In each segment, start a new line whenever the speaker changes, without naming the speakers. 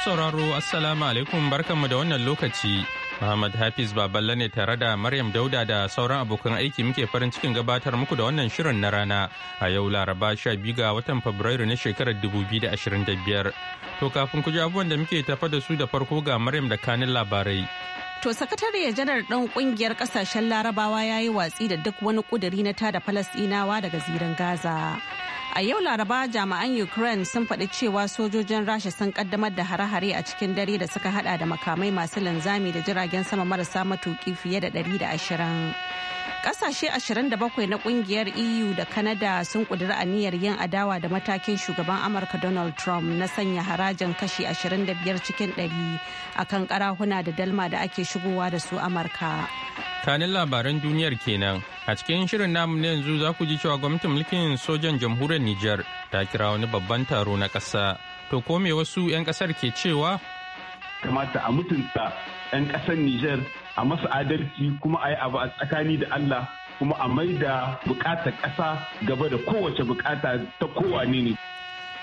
sauraro Assalamu alaikum barkanmu da wannan lokaci. Muhammad Hafiz Baballe ne tare da Maryam Dauda da sauran abokan aiki muke farin cikin gabatar muku da wannan shirin na rana a yau Laraba 12 ga watan Fabrairu na shekarar 2025. To kafin ku ji abubuwan da muke tafa da su da farko ga Maryam da kanin labarai.
To sakatare janar ɗan ƙungiyar ƙasashen larabawa ya yi watsi da duk wani ƙuduri na ta da Falasɗinawa daga zirin Gaza. A yau Laraba jami'an Ukraine sun faɗi cewa sojojin Rasha sun kaddamar da hare-hare a cikin dare da suka hada da makamai masu linzami da jiragen sama marasa matuki fiye da 120. Ƙasashe 27 na ƙungiyar EU da Canada sun ƙudiri aniyar yin adawa da matakin shugaban Amurka Donald Trump na sanya harajin kashi 25 cikin 100 akan kan ƙarahuna da dalma da ake shigowa da su Amurka.
Kanin labaran duniyar kenan a cikin shirin namu na yanzu za ku ji cewa gwamnatin mulkin sojan jamhuriyar Nijar ta kira wani babban taro na ƙasa. To ko me wasu 'yan ƙasar
ke cewa? Kamata a mutunta 'yan ƙasar Nijar a masu adalci kuma a yi abu a tsakani da Allah kuma a mai da bukatar ƙasa gaba da kowace bukata ta kowane ne.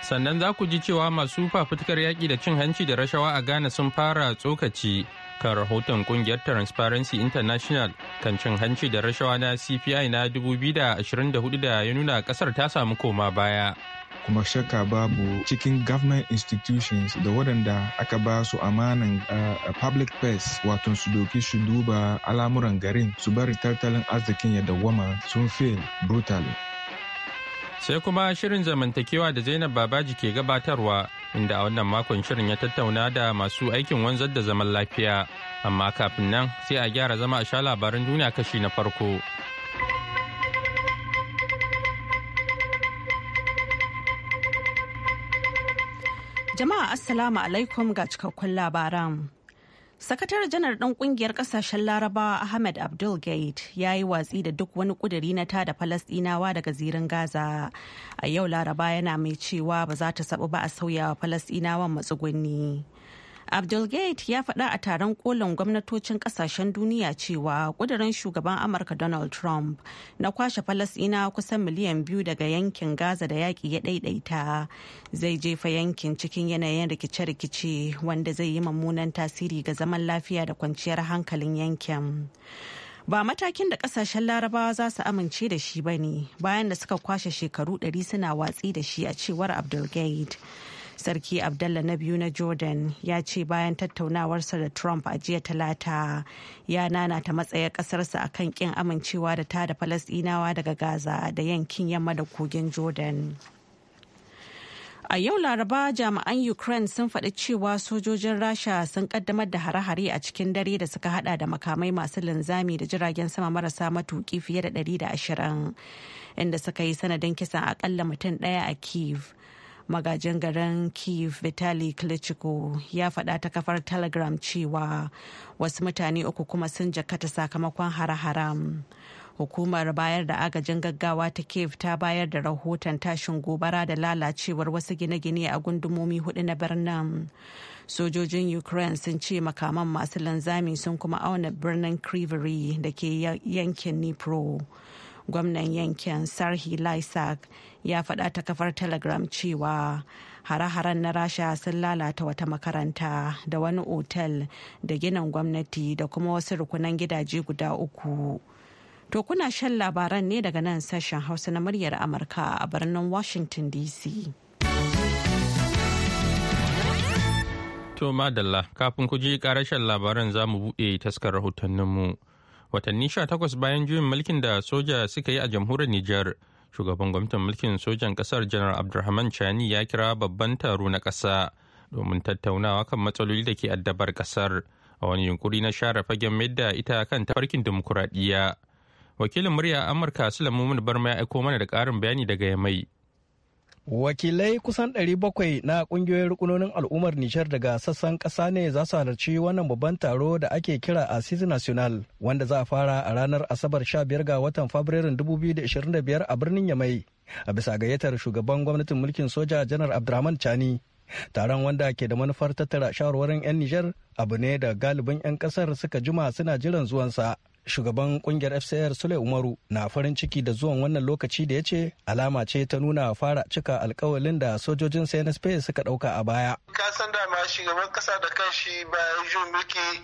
Sannan za ku ji cewa masu fafutukar yaƙi da cin hanci da rashawa a Ghana sun fara tsokaci kan rahoton kungiyar transparency international kan cin hanci da rashawa na cpi na 2024 da ya nuna kasar ta samu koma baya
kuma shakka babu cikin government institutions da waɗanda aka ba su amanan uh, public press wato su doki su duba al'amuran garin su bari tattalin arzikin ya dawwama sun fail brutally
Sai kuma shirin zamantakewa da Zainab Babaji ke gabatarwa inda a wannan makon shirin ya tattauna da masu aikin wanzar da zaman lafiya. Amma kafin nan sai a gyara zama a sha labaran duniya kashi na farko.
Jama'a Assalamu alaikum ga cikakkun labaran. Sakataren janar ɗan ƙungiyar ƙasashen Larabawa Ahmed Abdul Gaid ya yi watsi da duk wani ƙuduri na tada Falasɗinawa daga zirin Gaza. A yau Laraba yana mai cewa ba za ta saɓu ba a sauya wa Falasɗinawan matsugunni. Abdulgate ya faɗa a taron kolin gwamnatocin ƙasashen duniya cewa ƙudurin shugaban Amurka Donald Trump na kwashe Falasɗina kusan miliyan biyu daga yankin Gaza da yaƙi ya ɗaiɗaita zai jefa yankin cikin yanayin rikice-rikice wanda zai yi mummunan tasiri ga zaman lafiya da kwanciyar hankalin yankin. ba matakin da ƙasashen larabawa za su amince da shi ba ne bayan da suka kwashe shekaru ɗari suna watsi da shi a cewar abdulgate sarki abdallah na biyu na jordan ya ce bayan tattaunawarsa da trump a jiya talata ya nanata matsayar kasarsa a kan kin amincewa da ta da falasdinawa daga gaza da yankin yamma da kogin jordan A yau Laraba jami'an Ukraine sun faɗi cewa sojojin Rasha sun kaddamar da hare-hare a cikin dare da suka hada da makamai masu linzami da jiragen sama marasa matuki fiye da 120 inda suka yi sanadin kisan akalla mutum ɗaya a Kiev. magajin garin kiev vitali klitschko ya faɗa ta kafar telegram cewa wasu mutane uku kuma sun jakata sakamakon hare-haren hukumar bayar da agajin gaggawa ta kiev ta bayar da rahoton tashin gobara da lalacewar wasu gine-gine a gundumomi hudu na birnin sojojin ukraine sun ce makaman masu linzami sun kuma auna birnin krivery da ke yankin nipro gwamnan yankin sarhi lysak ya faɗa ta kafar telegram cewa hare-haren na rasha sun lalata wata makaranta da wani otel da ginin gwamnati da kuma wasu rukunan gidaje guda uku to kuna shan labaran ne daga nan sashen hausa na muryar amurka a birnin washington dc
To Madalla, kafin ku ji karashen labaran za mu buɗe taskar rahotanninmu. Watanni 18 bayan juyin mulkin da soja suka yi a jamhuriyar Nijar, shugaban gwamnatin mulkin sojan kasar janar abdulrahman chani ya kira babban taro na ƙasa domin tattaunawa kan matsaloli da ke addabar ƙasar a wani yunkuri na share fagen mayar da ita kan tafarkin dimokuraɗiyya wakilin murya amurka sulaiman barma ya aiko mana da ƙarin bayani daga ya mai
Wakilai kusan 700 na kungiyoyin rukunonin al'ummar Nijar daga sassan kasa ne za su halarci wannan babban taro da ake kira Asisi National wanda za a fara a ranar Asabar 15 ga watan Fabrairun 2025 a birnin Yamai a bisa gayyatar shugaban gwamnatin mulkin soja Janar Abdurrahman Chani. Taron wanda ke da manufar tattara shawarwarin 'yan Nijar abu ne da galibin 'yan kasar suka jima suna jiran zuwansa. shugaban kungiyar fcr sule umaru na farin ciki da zuwan wannan lokaci da ya ce alama ce ta nuna fara cika alkawalin da sojojin cnsp suka dauka a baya kasan
dama shugaban kasa da kanshi bayan jun mulki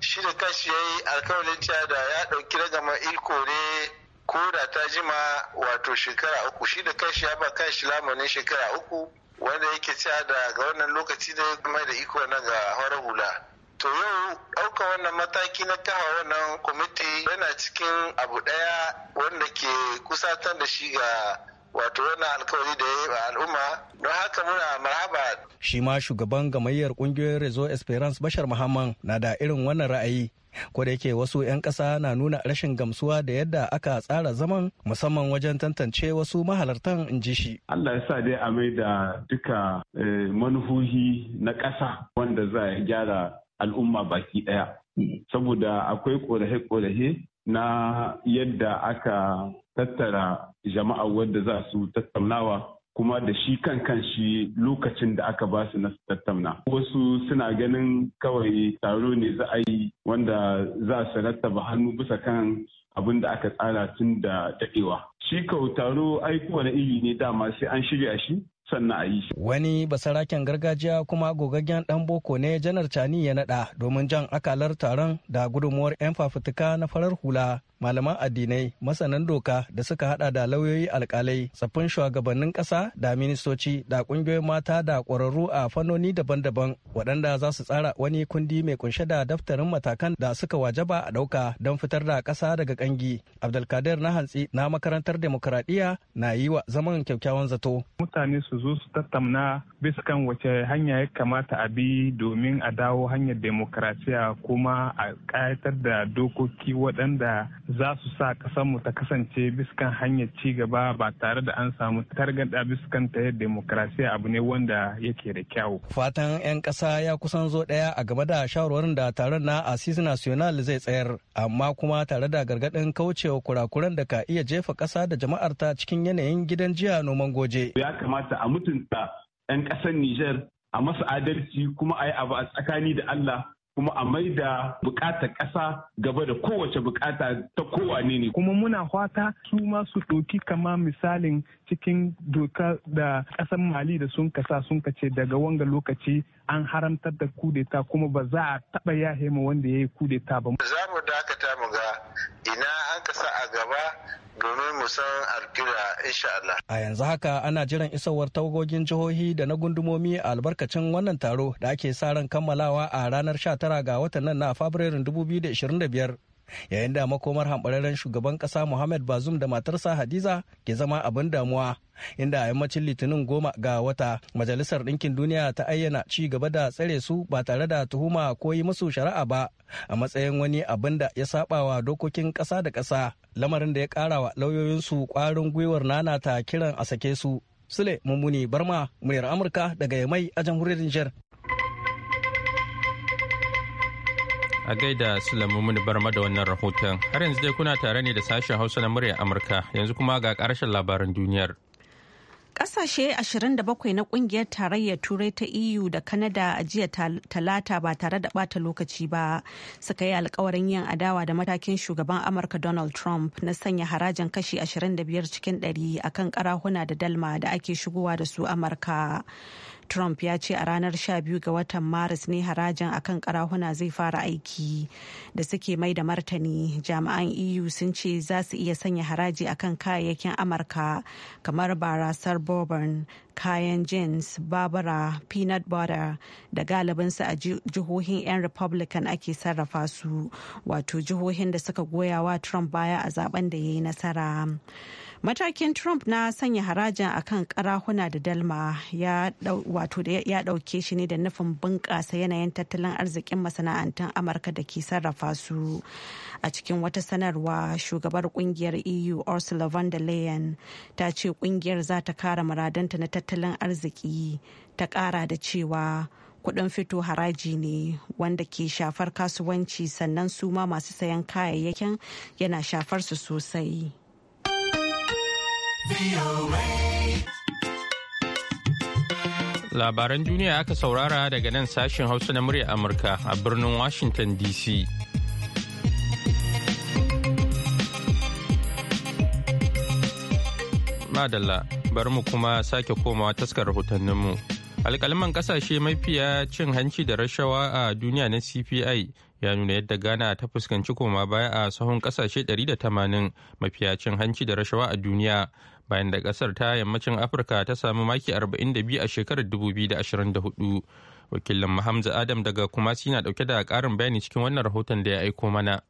shi da kanshi ya yi alkawalin cewa da ya dauki ragama iko ne ko da ta jima wato shekara uku shi da kanshi ya ba kanshi lamunin shekara uku wanda yake cewa da ga wannan lokaci da ya mai da iko na ga horar hula To yau ɗauka wannan mataki na taha wannan kwamiti yana cikin abu ɗaya wanda ke kusatar da shi ga
wato wannan alkawari da ya yi ba al'umma don haka muna marhaba. Shi ma shugaban gamayyar ƙungiyoyin Rezo Esperance Bashar Muhammad na da irin wannan ra'ayi. Ko da yake wasu 'yan ƙasa na nuna rashin gamsuwa da yadda aka tsara zaman musamman wajen tantance wasu mahalartan in ji shi.
Allah ya sa dai a mai da duka eh, manufohi na ƙasa wanda za a gyara al'umma baki ɗaya. Saboda akwai ƙorahe-ƙorahe na yadda aka tattara jama'a wadda za su tattaunawa kuma da shi kan kan shi lokacin da aka ba su na tattauna. Wasu suna ganin kawai taro ne za a yi wanda za su rattaba hannu bisa kan abin da aka tsara tun da daɗewa. Shi kau taro aiko wani iri ne dama sai an shirya shi sannan a yi shi.
Wani basaraken gargajiya kuma gogaggen ɗan boko ne janar Cani ya naɗa, domin jan akalar taron da gudunmuwar 'yan fafutuka na farar hula malaman addinai masanan doka da suka hada da lauyoyi alkalai tsaffin shugabannin ƙasa, da ministoci da ƙungiyoyin mata da ƙwararru a fannoni daban-daban waɗanda za su tsara wani kundi mai kunshe da daftarin matakan da suka wajaba a ɗauka don fitar da ƙasa daga ƙangi. abdulkadir na hantsi na makarantar demokradiyya na yi wa zaman kyakkyawan zato mutane su zo su tattauna
biskan
wace hanya ya kamata a bi domin a dawo hanyar demokrasiya kuma a ƙayatar da dokoki waɗanda za su sa ƙasarmu ta kasance biskan hanyar ci gaba ba tare da an samu targaɗa biskan ta ta demokrasiya abu ne wanda yake da kyau. Fatan 'yan
ƙasa ya kusan zo ɗaya a gaba da shawarwarin da taron na Asisi National zai tsayar amma kuma tare da gargaɗin kaucewa kurakuran da ka iya jefa ƙasa da jama'arta cikin yanayin gidan
jiya noman goje. Ya kamata a a mutunta 'yan ƙasar Nijar a masu adalci kuma a yi abu a tsakani da Allah kuma a mai da bukatar ƙasa gaba da kowace bukata ta kowane ne.
Kuma muna fata su ma su ɗauki kama misalin cikin doka da ƙasar Mali da sun kasa sun kace daga wanga lokaci an haramtar da kudeta kuma ba za a taɓa yahe ma wanda ya yi kudeta ba. Za
mu dakata mu ga ina an kasa a gaba domin mu san alkira insha Allah. A
yanzu haka ana jiran isowar tawagogin jihohi da na gundumomi a albarkacin wannan taro da ake sa ran kammalawa a ranar 19 ga watan nan na Fabrairun 2025. yayin da makomar hambararren shugaban kasa muhammad bazum da matarsa hadiza ke zama abin damuwa inda yammacin litinin goma ga wata majalisar ɗinkin duniya ta ayyana ci gaba da tsare su ba tare da tuhuma ko yi musu shari'a ba a matsayin wani abin da ya sabawa dokokin ƙasa da ƙasa lamarin da ya ƙarawa wa su ƙwarin gwiwar nana ta kiran a sake su sule mummuni barma muryar amurka daga yamai a jamhuriyar nijar
a gaida Sulaimu barma da wannan rahoton. Har yanzu dai kuna tare ne da sashen Hausa na murya Amurka yanzu kuma ga karshen labaran duniyar.
Ƙasashe 27 na ƙungiyar tarayyar Turai ta EU da Kanada a jiya talata ba tare da ɓata lokaci ba suka yi alkawarin yin adawa da matakin shugaban Amurka Donald Trump na sanya harajin kashi 25 cikin 100 akan karahuna da dalma da ake shigowa da su Amurka. Trump ya ce a ranar 12 ga watan Maris ne harajin a kan karahuna zai fara aiki da suke mai da martani jami'an EU sun ce za su iya sanya haraji a kan kayayyakin Amurka kamar barasar bourbon, kayan jeans, babura, peanut butter da galibinsu a jihohin 'yan Republican ake sarrafa su wato jihohin da suka goya wa Trump baya a zaben da ya yi nasara. matakin trump na sanya harajin akan karahuna da dalma ya dauke shi ne da nufin bunƙasa yanayin tattalin arzikin masana'antun amurka da ke sarrafa su a cikin wata sanarwa shugabar kungiyar eu ursula von der leyen ta ce kungiyar za ta kara muradanta na tattalin arziki ta kara da cewa kudin fito haraji ne wanda ke shafar kasuwanci sannan su ma masu sayan kayayyakin yana shafar su sosai.
Labaran duniya aka saurara daga nan sashen Hausa na murya Amurka a birnin Washington DC. Madalla, bari mu kuma sake komawa taskar rahotanninmu. alkaliman ƙasashe mafiya cin hanci da rashawa a duniya na CPI ya nuna yadda ghana ta fuskanci koma baya a sahun kasashe 180 mafiya cin hanci da rashawa a duniya bayan da kasar ta yammacin afirka ta sami maki 42 a shekarar 2024 wakilin mahamza adam daga kumasi na dauke da karin bayani cikin wannan rahoton da ya aiko mana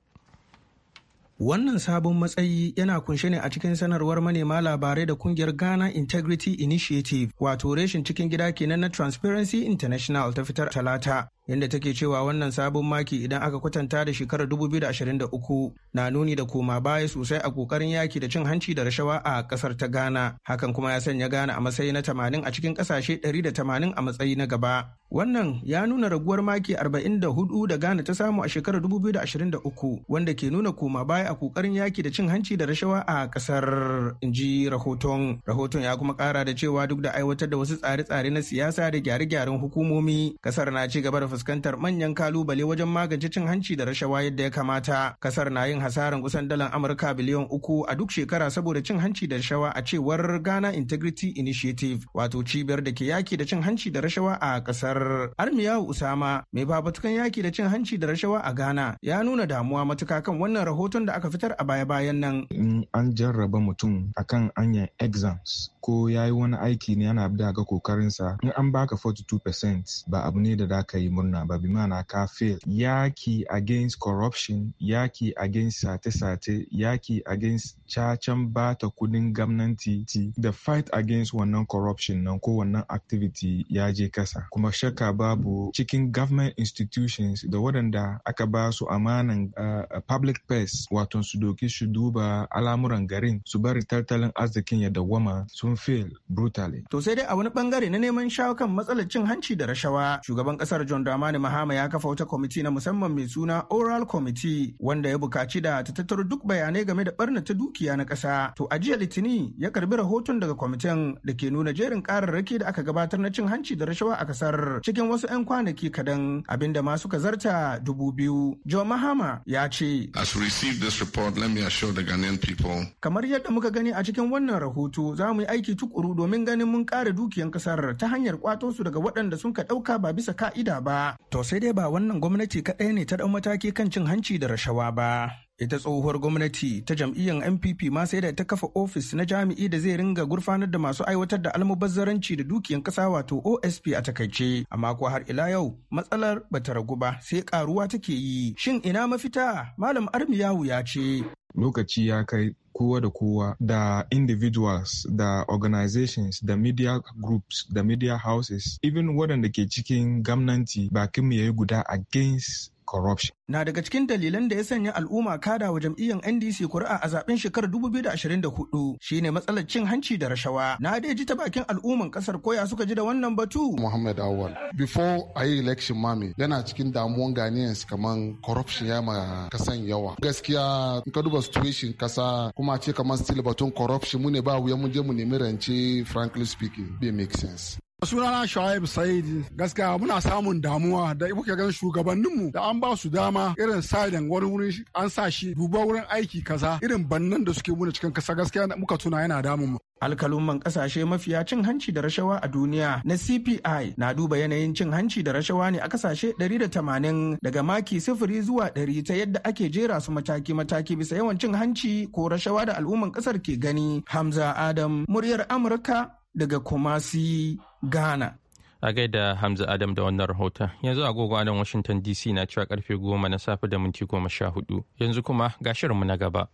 wannan sabon matsayi yana kunshe ne a cikin sanarwar manema labarai da kungiyar ghana integrity initiative wato reshin cikin gida kenan na transparency international ta fitar talata inda take cewa wannan sabon maki idan aka kwatanta da shekarar 2023 na nuni da koma baya sosai a kokarin yaki da cin hanci da rashawa a kasar ta Ghana. Hakan kuma ya sanya Ghana a matsayi na 80 a cikin kasashe 180 a matsayi na gaba. Wannan ya nuna raguwar maki 44 da Ghana ta samu a shekarar 2023 wanda ke nuna koma baya a kokarin yaki da cin hanci da rashawa a kasar inji rahoton. Rahoton ya kuma kara da cewa duk da aiwatar da wasu tsare-tsare na siyasa da gyare-gyaren hukumomi kasar na ci gaba da fuskantar manyan kalubale wajen magance cin hanci da rashawa yadda ya kamata. Kasar na yin hasarin kusan dalar Amurka biliyan uku a duk shekara saboda cin hanci da rashawa a cewar Ghana Integrity Initiative wato cibiyar da ke yaki da cin hanci da rashawa a kasar. Armiyahu Usama mai babatukan yaki da cin hanci da rashawa a Ghana ya nuna damuwa matuka kan wannan rahoton da aka fitar a baya-bayan nan.
In an jarraba mutum akan anyan exams ko yayi wani aiki ne yana da ga kokarinsa in an baka 42% ba abu ne da za ka yi murna wannan ba bi ka fail yaki against corruption yaki against sace-sace yaki against cacan bata kudin gamnanti the fight against wannan corruption nan ko wannan activity ya je kasa kuma shakka babu cikin government institutions da waɗanda aka ba su amanan uh, public purse wato su doki su duba al'amuran garin su bari tattalin arzikin ya dawwama sun
fail brutally to sai dai a wani bangare na neman shawo kan matsalar cin hanci da rashawa shugaban kasar John Dramani Mahama ya kafa wata kwamiti na musamman mai suna Oral Committee wanda ya bukaci da ta tattaro duk bayanai game da barna ta dukiya na ƙasa. To a jiya Litini ya karbi rahoton daga kwamitin da ke nuna jerin ƙararraki da aka gabatar na cin hanci da rashawa a kasar cikin wasu 'yan kwanaki kadan abinda ma suka zarta dubu biyu. John Mahama ya ce. As we receive this
report, let me assure the Ghanaian people.
Kamar yadda muka gani a cikin wannan rahoto za mu yi aiki tukuru domin ganin mun kare dukiyan kasar ta hanyar kwato su daga waɗanda sun ka ɗauka ba bisa ka'ida ba. Tosai To sai dai ba wannan gwamnati kaɗai ne ta ɗau mataki kan cin hanci da rashawa ba. Ita tsohuwar gwamnati ta jam'iyyar NPP ma sai da ta kafa ofis na jami'i da zai ringa gurfanar da masu aiwatar da almubazzaranci da dukiyan ƙasa wato OSP a takaice. Amma ko har ila yau matsalar ba ta ragu ba sai ƙaruwa take yi. Shin ina mafita? Malam Armiyawu ya ce. lokaci ya kai kowa da kowa da individuals da
organizations da media groups da media houses even waɗanda ke cikin gamnanti
bakin mu yayi guda against corruption. Na daga cikin dalilan da ya sanya al'umma kada wa jam'iyyar NDC kuri'a a zaben shekarar 2024 shine matsalar cin hanci da rashawa. Na dai ji ta bakin al'umman kasar ya suka ji da wannan batu. Muhammad Awal, before a yi election
mami yana cikin damuwan Ghanaians kaman corruption ya ma kasan yawa. Gaskiya in ka duba situation kasa kuma ce kaman still batun corruption mu ne ba wuya mun je mu nemi rance frankly speaking bai make sense. sunana shaib said gaskiya muna samun damuwa da kuke gan shugabanninmu da an ba su dama irin sadan wani wurin an sa shi duba wurin aiki kaza irin bannan da suke muna cikin kasa gaskiya muka tuna yana damun mu alkalumman kasashe
mafiya cin hanci da rashawa a duniya na cpi na duba yanayin cin hanci da rashawa ne a kasashe 180 daga maki sifiri zuwa 100 ta yadda ake jera su mataki-mataki bisa yawan cin hanci ko rashawa da al'umman kasar ke gani hamza adam muryar amurka daga kumasi Ghana.
A gaida Hamza Adam da wannan rahoton yanzu agogo a nan Washington DC na cewa karfe goma na safe da minti goma sha hudu yanzu kuma ga shirinmu na gaba.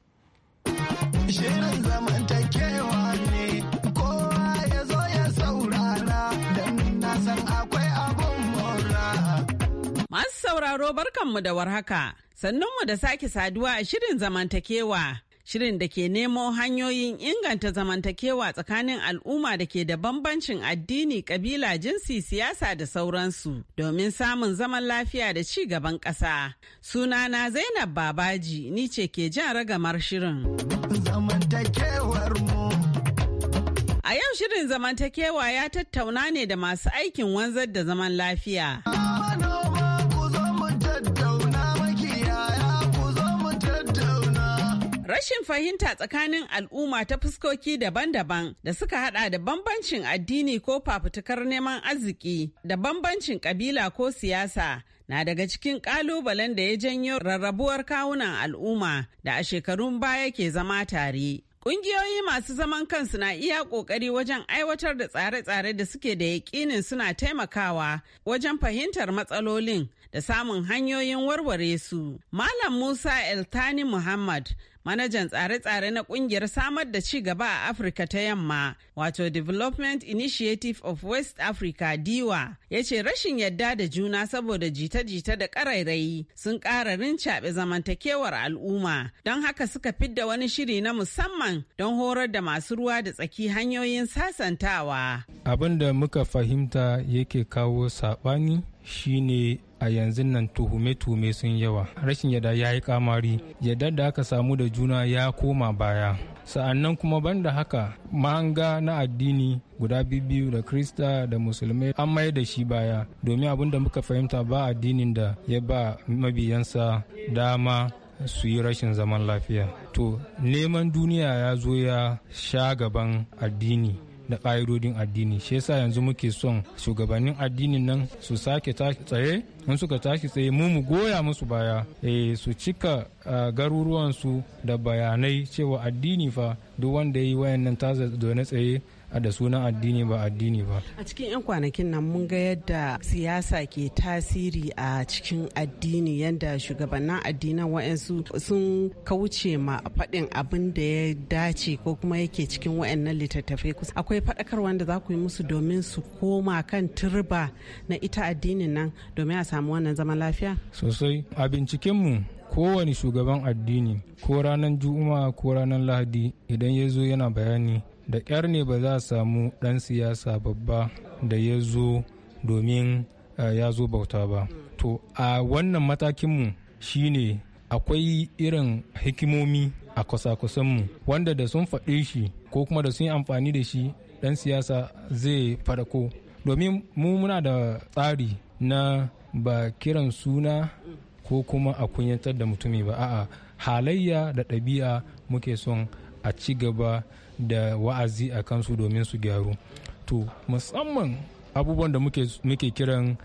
Masu sauraro barkanmu da warhaka, sannunmu da sake saduwa a shirin zamantakewa shirin da ke nemo hanyoyin inganta zamantakewa tsakanin al'umma da ke da bambancin addini kabila jinsi siyasa da sauransu domin samun zaman lafiya da ci gaban ƙasa sunana zainab babaji ni ce ke jan ragamar shirin a yau shirin zamantakewa ya tattauna ne da masu aikin wanzar da zaman lafiya. Rashin fahimta tsakanin al'umma ta fuskoki daban-daban da suka hada da bambancin addini ko fafutukar neman arziki da bambancin kabila ko siyasa na daga cikin kalubalen da ya janyo rarrabuwar kawunan al'umma da a shekarun baya ke zama tare. Ƙungiyoyi masu zaman kansu na iya ƙoƙari wajen aiwatar da tsare-tsare da suke da yaƙinin suna taimakawa wajen fahimtar matsalolin da samun hanyoyin warware su. Malam Musa Eltani Muhammad manajan tsare-tsare na kungiyar samar da ci gaba a afirka ta yamma wato development initiative of west africa diwa ya ce rashin yadda da juna saboda jita-jita da ƙarairayi sun ƙara rincaɓe zamantakewar al'umma don haka suka fidda wani shiri na musamman don horar da masu ruwa da tsaki hanyoyin sasantawa
abin da muka fahimta yake kawo saɓani shine a yanzu nan tuhume-tuhume sun yawa rashin yada ya yi kamari yadda da aka samu da juna ya koma baya sa'annan kuma banda haka mahanga na addini guda biyu da krista da musulmai an mai da shi baya domin abin da muka fahimta ba addinin da ya ba mabiyansa dama su yi rashin zaman lafiya to neman duniya ya zo ya sha gaban addini da ƙa'idodin addini shi yasa yanzu muke son shugabannin addinin nan su sake tsaye in suka tashi tsaye mu mu goya musu baya eh su cika ah, garuruwansu da bayanai cewa addini fa duk wanda ya yi wayannan ta zaune tsaye da sunan addini ba addini ba
a cikin 'yan kwanakin nan mun ga yadda siyasa ke tasiri a cikin addini yadda shugabannin addinan wa'ansu sun kauce ma faɗin abin da ya dace ko kuma yake cikin wa'annan littattafai kusa. akwai faɗakar wanda za ku yi musu domin su koma kan turba na ita addinin nan domin a samu wannan zaman lafiya
sosai a mu kowane shugaban addini ko ranar juma'a ko ranar lahadi idan ya zo yana bayani da ƙyar ne ba za a samu ɗan siyasa babba da ya zo domin eh, ya zo bauta ba to a wannan matakinmu shi ne akwai irin hikimomi a kwasa-kwasanmu wanda da sun faɗi shi ko kuma da sun yi amfani da shi ɗan siyasa zai farko domin mu muna da tsari na ba kiran suna ko kuma a kunyantar da mutumi ba a'a halayya da ɗabi'a muke son a ci gaba da wa'azi a kansu domin su gyaru to musamman abubuwan da muke kiran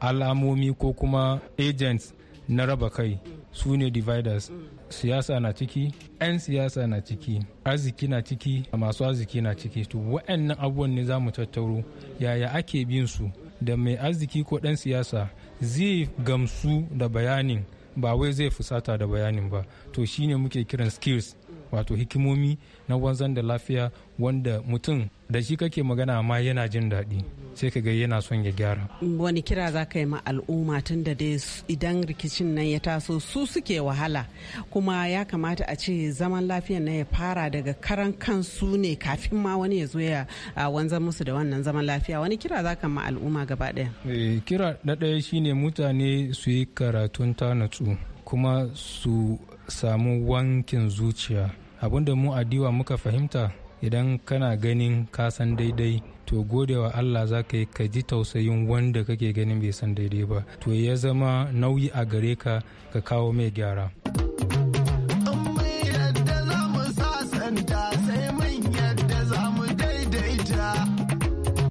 alamomi ko kuma agents na raba kai su ne dividers siyasa na ciki 'yan siyasa na ciki arziki na ciki masu arziki na ciki to wa'annan abubuwan ne za mu tattaro yaya ake bin su da mai arziki ko ɗan siyasa zai gamsu da bayanin ba wai zai fusata da bayanin ba to shine muke kiran skills wato hikimomi na wanzan da lafiya wanda mutum da shi kake magana ma yana jin daɗi sai ka ga yana son ya gyara
wani kira za ka yi ma al'umma tun da dai idan rikicin nan ya taso su suke wahala kuma ya kamata a ce zaman lafiyan na ya fara daga karan kansu ne kafin ma wani ya zo ya wanzan musu da wannan zaman lafiya wani kira za ka ma al'umma gaba ɗaya
eh, kira na ɗaya shine mutane su yi karatun ta natsu kuma su samu wankin zuciya abinda mu adiwa muka fahimta idan kana ganin ka san daidai to godewa Allah za ka yi ka ji tausayin wanda kake ganin bai san daidai ba to ya zama nauyi a gare ka ka kawo mai gyara.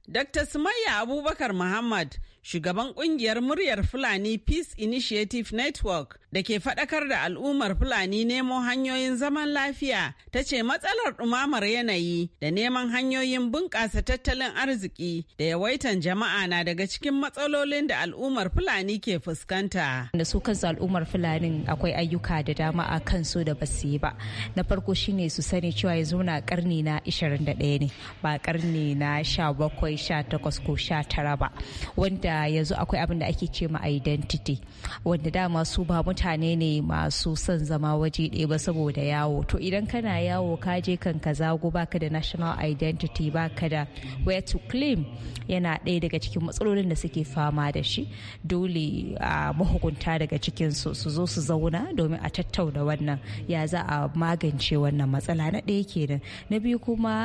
Dr. Sumayya Abubakar Muhammad shugaban kungiyar muryar Fulani Peace Initiative Network da ke fadakar da al'ummar Fulani nemo hanyoyin zaman lafiya ta ce matsalar ɗumamar yanayi da neman hanyoyin bunƙasa tattalin arziki da yawaitan jama'a na daga cikin matsalolin da al'ummar Fulani
ke fuskanta. Da su kansu al'ummar Fulani akwai ayyuka da dama a kansu da basu ba. Na farko shine su sani cewa yanzu na karni na 21 ne ba karni na 17, 18 ko 19 ba. Wanda da yanzu akwai abin da ake ce ma identity wanda dama su ba mutane ne masu son zama waje ɗaya ba saboda yawo to idan kana yawo ka je kan ka zago baka da national identity baka da where to claim yana ɗaya daga cikin matsalolin da suke fama da shi dole a mahukunta daga cikin su su zo su zauna domin a tattauna wannan ya za a magance wannan matsala na ɗaya kenan na biyu kuma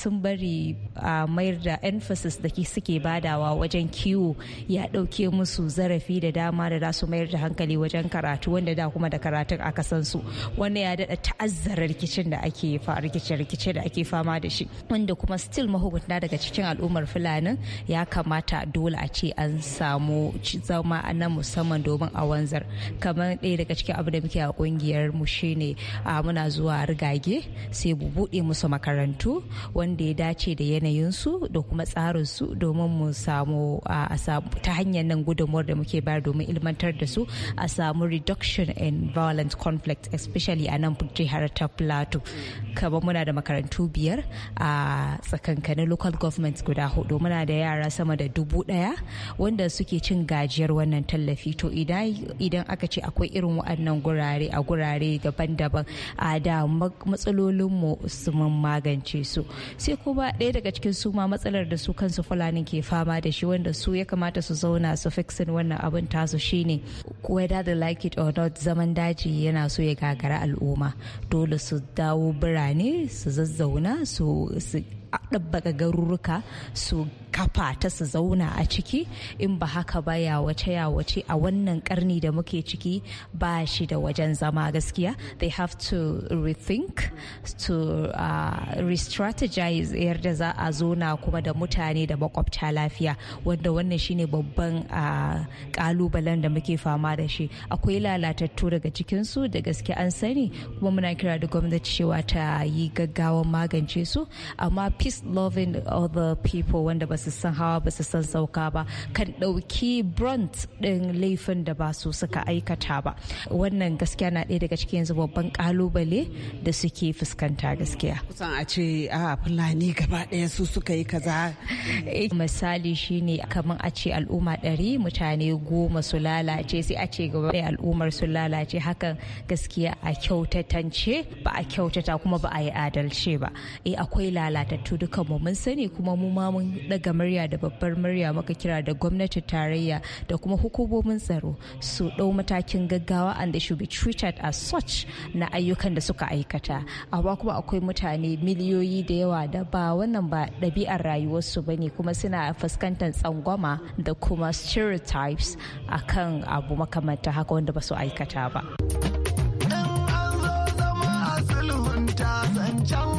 sun bari a mayar da emphasis da suke badawa wajen kiwo biyu ya ɗauke musu zarafi da dama da za su mayar da hankali wajen karatu wanda da kuma da karatun aka san su wanda ya daɗa ta'azzara rikicin da ake fa rikice-rikice da ake fama da shi wanda kuma still mahukunta daga cikin al'ummar fulanin ya kamata dole a ce an samu zama na musamman domin a wanzar kamar ɗaya daga cikin abu da muke a kungiyar mu shine a muna zuwa rigage sai mu buɗe musu makarantu wanda ya dace da yanayinsu da kuma tsarinsu domin mu samu ta hanyar nan gudunmuwar da muke bayar domin ilmantar da su a samu reduction in violent conflict especially a nan jihar ta plateau kaba muna da makarantu biyar a tsakankanin local government guda hudu muna da yara sama da dubu daya wanda suke cin gajiyar wannan tallafi to idan aka ce akwai irin waɗannan gurare a gurare daban-daban a da matsalolinmu su mun magance su sai kuma ɗaya daga cikin su ma matsalar da su kansu fulani ke fama da shi wanda su ya kamata su zauna su fixin wannan abin tasu shine whether they like it or not zaman daji yana so ya gagara al'umma dole su dawo birane su zazzauna su ɗabbaka garuruka su kafa ta su zauna a ciki in ba haka ba ya wace ya wace a wannan karni da muke ciki ba shi da wajen zama gaskiya they have to rethink to uh, re-strategize yadda za a na kuma da mutane da makwabta lafiya wanda wannan shine babban uh, kalubalen da muke fama da shi akwai lalatattu daga cikinsu da gaske an sani kuma muna kira da gwamnati cewa ta yi gaggawan magance su amma peace loving other people wanda ba su san hawa ba su san sauka ba kan ɗauki brunt ɗin laifin da ba su suka aikata ba wannan gaskiya na ɗaya daga cikin yanzu babban kalubale da suke fuskanta gaskiya kusan a ce a fulani gaba ɗaya su suka yi kaza eh, misali shine kamar a ce al'umma ɗari mutane goma su lalace sai a ce gaba ɗaya al'ummar su lalace hakan gaskiya a kyautatance ba a kyautata kuma ba a yi adalce ba eh akwai lalatattu to dukanmu mun sani kuma mu ma mun daga murya da babbar murya muka kira da gwamnatin tarayya da kuma hukumomin tsaro su dau matakin gaggawa and they should be treated as such na ayyukan da suka aikata amma kuma akwai mutane miliyoyi da yawa da ba wannan ba ɗabi'ar rayuwarsu ba ne kuma suna fuskantar tsangwama da kuma stereotypes akan abu makamanta haka wanda ba su aikata ba.
In an
zo zama a sulhunta zancen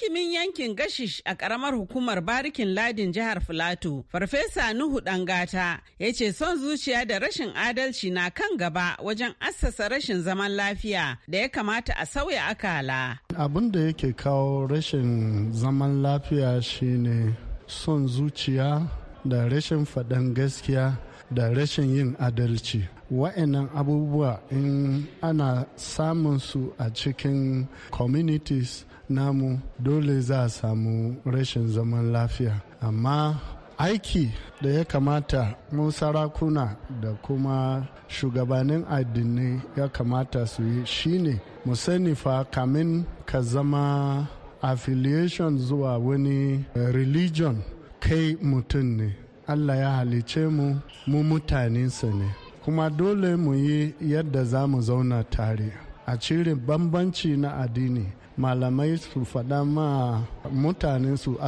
Hakimin yankin Gashish a ƙaramar hukumar Barikin Ladin jihar Filato, Farfesa Nuhu Dangata, ya ce son zuciya da rashin adalci na kan gaba wajen assasa rashin zaman lafiya da ya kamata a sauya akala.
Abin da yake kawo rashin zaman lafiya shine son zuciya da rashin faɗan gaskiya da rashin yin adalci. wa'annan abubuwa in ana samun su a cikin communities namu dole za a samu rashin zaman lafiya amma aiki da ya kamata mu sarakuna da kuma shugabannin addinai ya kamata su yi shine mu sani fa kamin ka zama affiliation zuwa wani religion kai mutum ne allah ya halice mu mu mutanensa ne kuma dole mu yi yadda za mu zauna tare a cire bambanci na addini malamai su faɗa ma mutanensu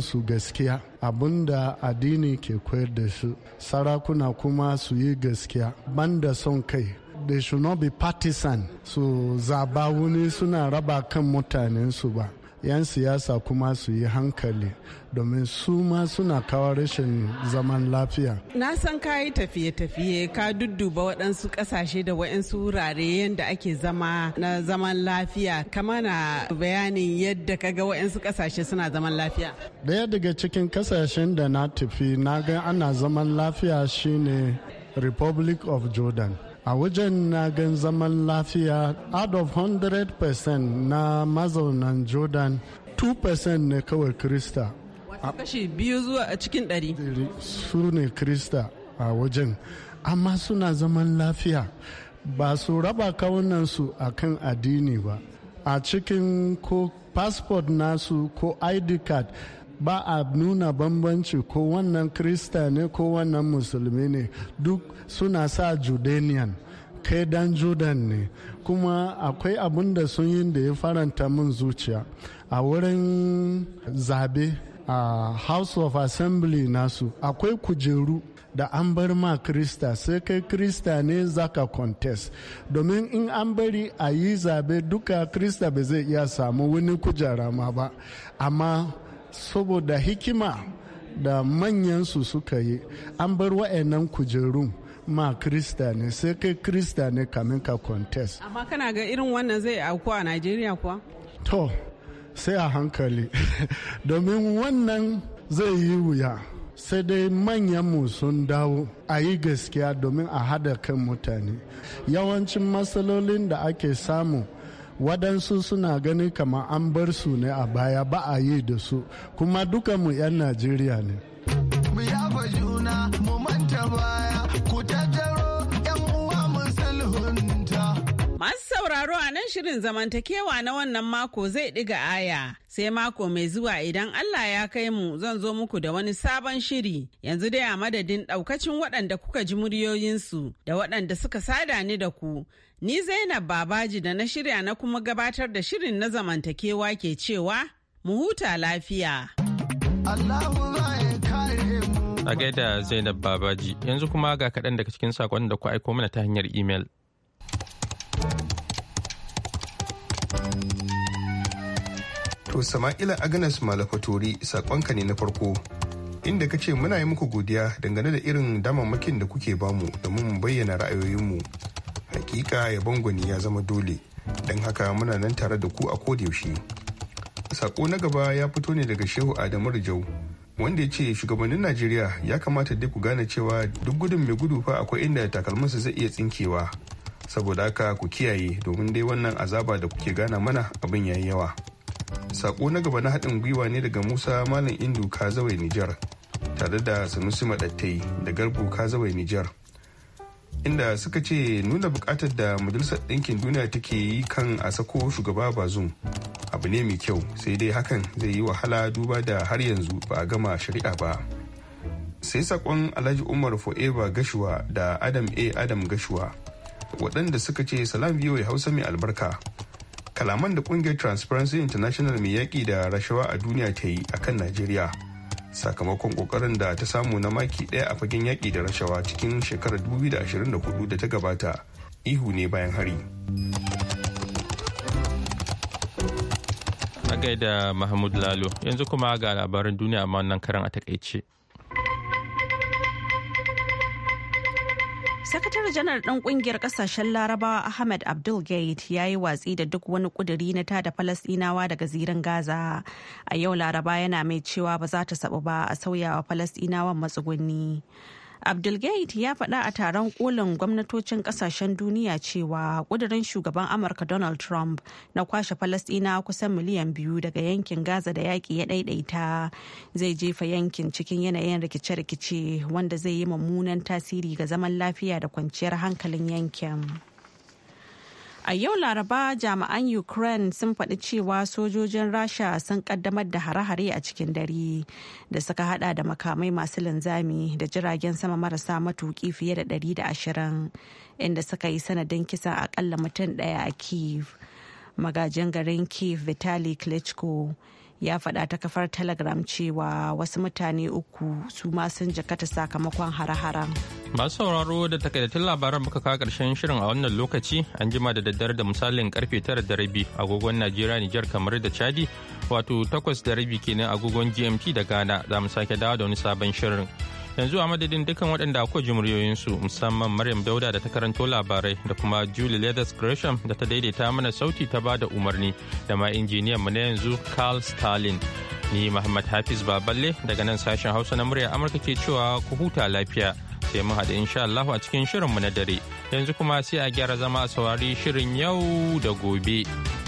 su gaskiya abinda addini ke koyar da su sarakuna kuma su yi gaskiya banda son kai they should not be partisan su so, zaba wuni suna raba kan mutanensu ba 'yan siyasa kuma su yi hankali domin su ma suna kawo rashin zaman lafiya.
Na san ka yi tafiye-tafiye ka dudduba waɗansu ƙasashe da waɗansu wurare yadda ake zama na zaman lafiya kama na bayanin yadda ka ga waɗansu ƙasashe suna zaman lafiya.
Daya daga cikin ƙasashen da na tafi na ga ana zaman lafiya shine Republic of Jordan. a wajen na gan zaman lafiya out of 100% na mazaunan jordan 2% ne kawai krista kashi biyu zuwa a cikin ɗari su ne krista a wajen amma suna zaman lafiya ba su raba kawunansu a kan addini ba a cikin ko passport nasu ko id card ba a nuna bambanci ko wannan krista ne ko wannan musulmi ne duk suna sa judanian kai dan judan ne kuma akwai abin da sun yi da ya faranta min zuciya a wurin zabe a house of assembly nasu akwai kujeru da an bar ma krista sai kai krista ne zaka contest domin in an bari a yi zabe duka krista ba zai iya samu wani kujera ma ba amma saboda hikima da manyan su suka yi an bar wa'annan kujerun ma krista ne sai kai krista ne kamin ka contest
amma kana ga irin wannan zai auku a najeriya kuwa
to sai a hankali domin wannan zai yi wuya sai dai manyanmu sun dawo a yi gaskiya domin a hada kan mutane yawancin matsalolin da ake samu waɗansu suna ganin kamar an bar su ne a baya ba a yi da su kuma dukanmu 'yan najeriya ne
juna mu manta masu sauraro a nan shirin zamantakewa na wannan mako zai ɗiga aya sai mako mai zuwa idan Allah ya kai mu zan zo muku da wani sabon shiri yanzu dai a madadin ɗaukacin waɗanda kuka ji muryoyinsu da waɗanda suka sada ni da ku Ni Zainab Babaji da na shirya na kuma gabatar da shirin na zamantakewa ke cewa mu huta lafiya.
A
gaida Zainab Babaji yanzu kuma ga kaɗan daga cikin saƙon da ku aiko mana ta hanyar imel.
To Sama'ila Agnes Malafaturi saƙonka ne na farko inda kace muna yi muku godiya dangane da irin damammakin da kuke bamu domin mu bayyana ra'ayoyinmu. hakika ya bangoni ya zama dole don haka muna nan tare da ku a yaushe. sako na gaba ya fito ne daga shehu adamu rijau wanda ya ce shugabannin najeriya ya kamata dai ku gane cewa duk gudun mai gudu fa akwai inda takalminsa zai iya tsinkewa saboda haka ku kiyaye domin dai wannan azaba da kuke gana mana abin yayi yawa sako na gaba na haɗin gwiwa ne daga musa malam indu kazawai nijar tare da sanusi maɗattai da garbu kazawai nijar inda suka ce nuna bukatar da majalisar ɗinkin duniya take yi kan a sako shugaba ba bazum abu ne mai kyau sai dai hakan zai yi wahala duba da har yanzu ba a gama shari'a ba sai sakon alhaji umar fo'eva gashuwa da adam a adam gashuwa waɗanda suka ce salam ya hausa mai albarka kalaman da ƙungiyar transparency international mai yaƙi da rashawa a duniya ta yi akan najeriya sakamakon kokarin da ta samu na maki ɗaya a fagen yaki da rashawa cikin shekarar 2024 da ta gabata ihu ne bayan hari. na
gaida Mahmud Lalo yanzu kuma ga labaran duniya amma wannan karan a takaice.
sakatare janar ɗan ƙungiyar ƙasashen larabawa ahmed abdul gate ya yi watsi da duk wani ƙuduri na tada falasɗinawa daga zirin gaza a yau laraba yana mai cewa ba za ta sabu ba a sauyawa falasɗinawan matsugunni Abdulgate ya faɗa a taron ƙolin gwamnatocin ƙasashen duniya cewa ƙudurin shugaban Amurka Donald Trump na kwashe Falasɗina kusan miliyan biyu daga yankin Gaza da yaƙi ya ɗaiɗaita zai jefa yankin cikin yanayin rikice-rikice wanda zai yi mummunan tasiri ga zaman lafiya da kwanciyar hankalin yankin. A yau Laraba jami'an Ukraine sun faɗi cewa sojojin Rasha sun kaddamar da hare-hare a cikin dare da suka hada da makamai masu linzami da jiragen sama marasa matuki fiye da 120 inda suka yi sanadin kisa akalla mutum daya a Kiev. Magajin garin Kiev Vitali Klitschko ya faɗa ta kafar telegram cewa wasu mutane uku su ma sun jakata sakamakon hare-haren.
masu sauraro da takaitattun labaran muka kawo karshen shirin a wannan lokaci an jima da daddare da misalin karfe tara da rabi agogon najeriya nijar kamar da chadi wato takwas da rabi kenan agogon gmt da ghana za mu sake dawo da wani sabon shirin yanzu a madadin dukkan waɗanda akwai jimuriyoyinsu musamman maryam dauda da ta karanto labarai da kuma julie leathers gresham da ta daidaita mana sauti ta ba da umarni da ma injiniyan mu na yanzu carl stalin ni muhammad hafiz baballe daga nan sashen hausa na murya amurka ke cewa ku huta lafiya sai mu haɗu insha allahu a cikin shirin mu na dare yanzu kuma sai a gyara zama a saurari shirin yau da gobe.